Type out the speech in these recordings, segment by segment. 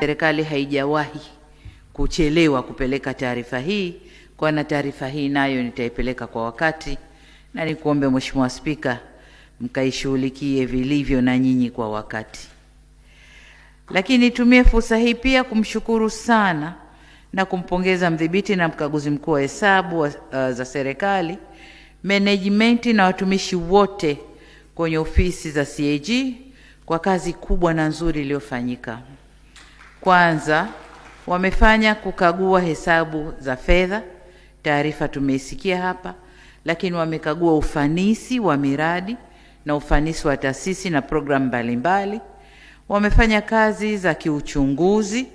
Serikali haijawahi kuchelewa kupeleka taarifa hii, kwana taarifa hii nayo nitaipeleka kwa wakati, na nikuombe Mheshimiwa Spika, mkaishughulikie vilivyo na nyinyi kwa wakati. Lakini nitumie fursa hii pia kumshukuru sana na kumpongeza mdhibiti na mkaguzi mkuu wa hesabu uh, za serikali, management na watumishi wote kwenye ofisi za CAG kwa kazi kubwa na nzuri iliyofanyika. Kwanza wamefanya kukagua hesabu za fedha, taarifa tumeisikia hapa, lakini wamekagua ufanisi wa miradi na ufanisi wa taasisi na programu mbalimbali. Wamefanya kazi za kiuchunguzi,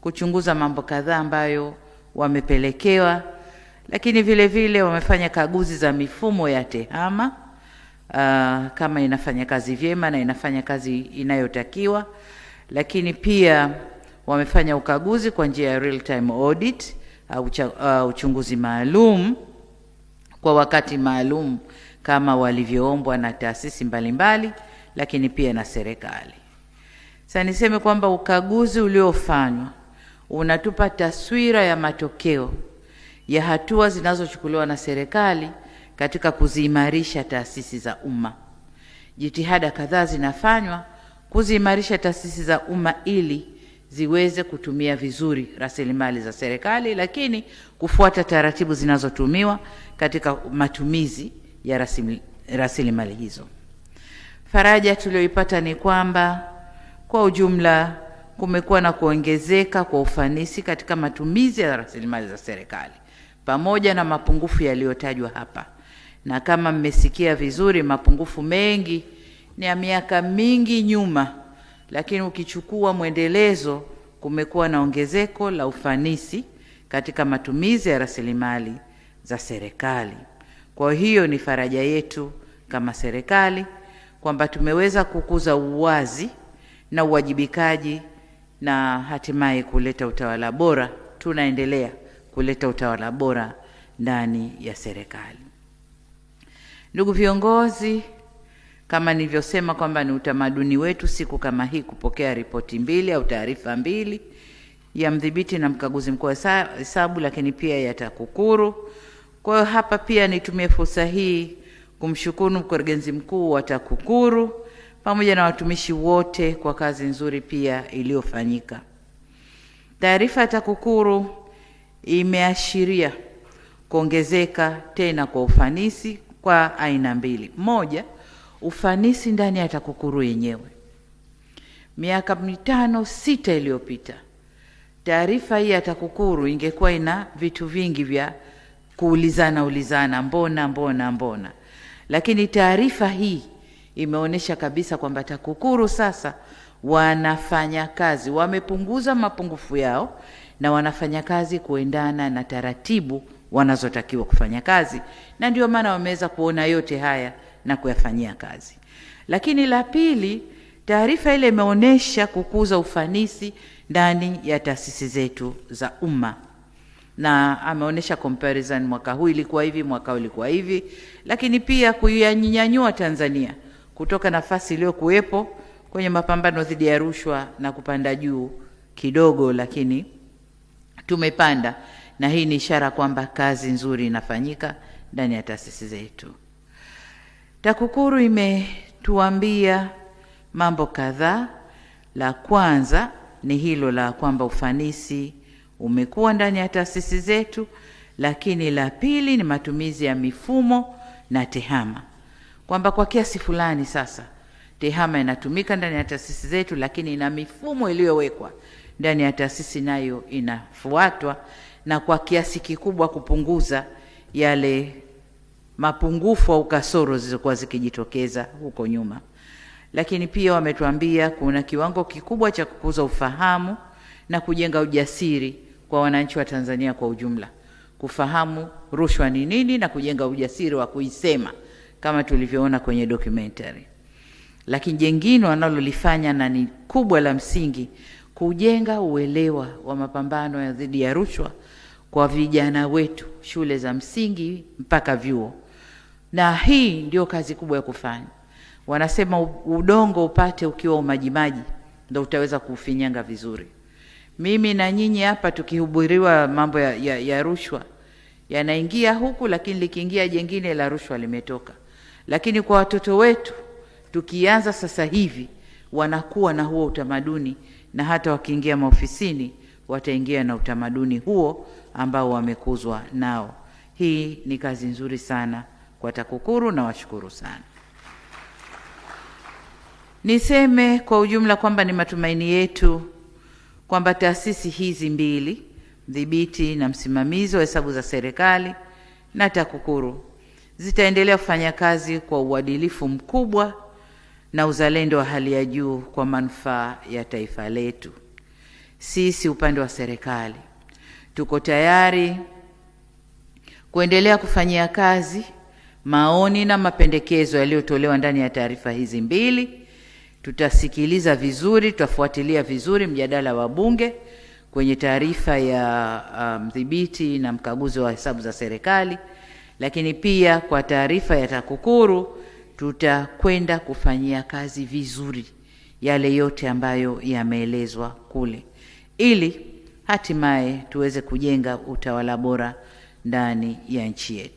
kuchunguza mambo kadhaa ambayo wamepelekewa, lakini vile vile wamefanya kaguzi za mifumo ya TEHAMA uh, kama inafanya kazi vyema na inafanya kazi inayotakiwa, lakini pia wamefanya ukaguzi kwa njia ya real time audit uh, au uh, uchunguzi maalum kwa wakati maalum kama walivyoombwa na taasisi mbalimbali, lakini pia na serikali. Sasa niseme kwamba ukaguzi uliofanywa unatupa taswira ya matokeo ya hatua zinazochukuliwa na serikali katika kuziimarisha taasisi za umma. Jitihada kadhaa zinafanywa kuziimarisha taasisi za umma ili ziweze kutumia vizuri rasilimali za serikali, lakini kufuata taratibu zinazotumiwa katika matumizi ya rasilimali hizo. Faraja tuliyoipata ni kwamba kwa ujumla kumekuwa na kuongezeka kwa ufanisi katika matumizi ya rasilimali za serikali pamoja na mapungufu yaliyotajwa hapa, na kama mmesikia vizuri, mapungufu mengi ni ya miaka mingi nyuma lakini ukichukua mwendelezo, kumekuwa na ongezeko la ufanisi katika matumizi ya rasilimali za serikali. Kwa hiyo ni faraja yetu kama serikali kwamba tumeweza kukuza uwazi na uwajibikaji na hatimaye kuleta utawala bora. Tunaendelea kuleta utawala bora ndani ya serikali. Ndugu viongozi kama nilivyosema kwamba ni utamaduni wetu siku kama hii kupokea ripoti mbili au taarifa mbili, ya mdhibiti na mkaguzi mkuu wa hesabu, lakini pia ya TAKUKURU. Kwa hiyo hapa pia nitumie fursa hii kumshukuru mkurugenzi mkuu wa TAKUKURU pamoja na watumishi wote kwa kazi nzuri pia iliyofanyika. Taarifa ya TAKUKURU imeashiria kuongezeka tena kwa ufanisi kwa aina mbili. Moja, ufanisi ndani ya TAKUKURU yenyewe. Miaka mitano sita iliyopita, taarifa hii ya TAKUKURU ingekuwa ina vitu vingi vya kuulizana ulizana, mbona mbona mbona, lakini taarifa hii imeonyesha kabisa kwamba TAKUKURU sasa wanafanya kazi, wamepunguza mapungufu yao na wanafanya kazi kuendana na taratibu wanazotakiwa kufanya kazi, na ndio maana wameweza kuona yote haya na kuyafanyia kazi. Lakini la pili, taarifa ile imeonyesha kukuza ufanisi ndani ya taasisi zetu za umma, na ameonyesha comparison, mwaka huu ilikuwa hivi, mwaka huu ilikuwa hivi, lakini pia kuyanyanyua Tanzania kutoka nafasi iliyokuwepo kwenye mapambano dhidi ya rushwa na kupanda juu kidogo, lakini tumepanda, na hii ni ishara kwamba kazi nzuri inafanyika ndani ya taasisi zetu. TAKUKURU imetuambia mambo kadhaa. La kwanza ni hilo la kwamba ufanisi umekuwa ndani ya taasisi zetu, lakini la pili ni matumizi ya mifumo na tehama, kwamba kwa kiasi fulani sasa tehama inatumika ndani ya taasisi zetu, lakini ina mifumo iliyowekwa ndani ya taasisi nayo inafuatwa, na kwa kiasi kikubwa kupunguza yale mapungufu au kasoro zilizokuwa zikijitokeza huko nyuma. Lakini pia wametuambia kuna kiwango kikubwa cha kukuza ufahamu na kujenga ujasiri kwa wananchi wa Tanzania kwa ujumla, kufahamu rushwa ni nini na kujenga ujasiri wa kuisema kama tulivyoona kwenye documentary. Lakini jengine wanalolifanya na ni kubwa la msingi, kujenga uelewa wa mapambano ya dhidi ya rushwa kwa vijana wetu shule za msingi mpaka vyuo na hii ndio kazi kubwa ya kufanya. Wanasema udongo upate ukiwa umajimaji, ndo utaweza kuufinyanga vizuri. Mimi na nyinyi hapa tukihubiriwa mambo ya, ya, ya rushwa yanaingia huku, lakini likiingia jengine la rushwa limetoka. Lakini kwa watoto wetu tukianza sasa hivi, wanakuwa na huo utamaduni, na hata wakiingia maofisini wataingia na utamaduni huo ambao wamekuzwa nao. Hii ni kazi nzuri sana kwa TAKUKURU na washukuru sana. Niseme kwa ujumla kwamba ni matumaini yetu kwamba taasisi hizi mbili, mdhibiti na msimamizi wa hesabu za serikali na TAKUKURU, zitaendelea kufanya kazi kwa uadilifu mkubwa na uzalendo wa hali ya juu kwa manufaa ya taifa letu. Sisi upande wa serikali tuko tayari kuendelea kufanyia kazi maoni na mapendekezo yaliyotolewa ndani ya taarifa hizi mbili. Tutasikiliza vizuri, tutafuatilia vizuri mjadala wa Bunge kwenye taarifa ya um, mdhibiti um, na mkaguzi wa hesabu za serikali, lakini pia kwa taarifa ya TAKUKURU tutakwenda kufanyia kazi vizuri yale yote ambayo yameelezwa kule, ili hatimaye tuweze kujenga utawala bora ndani ya nchi yetu.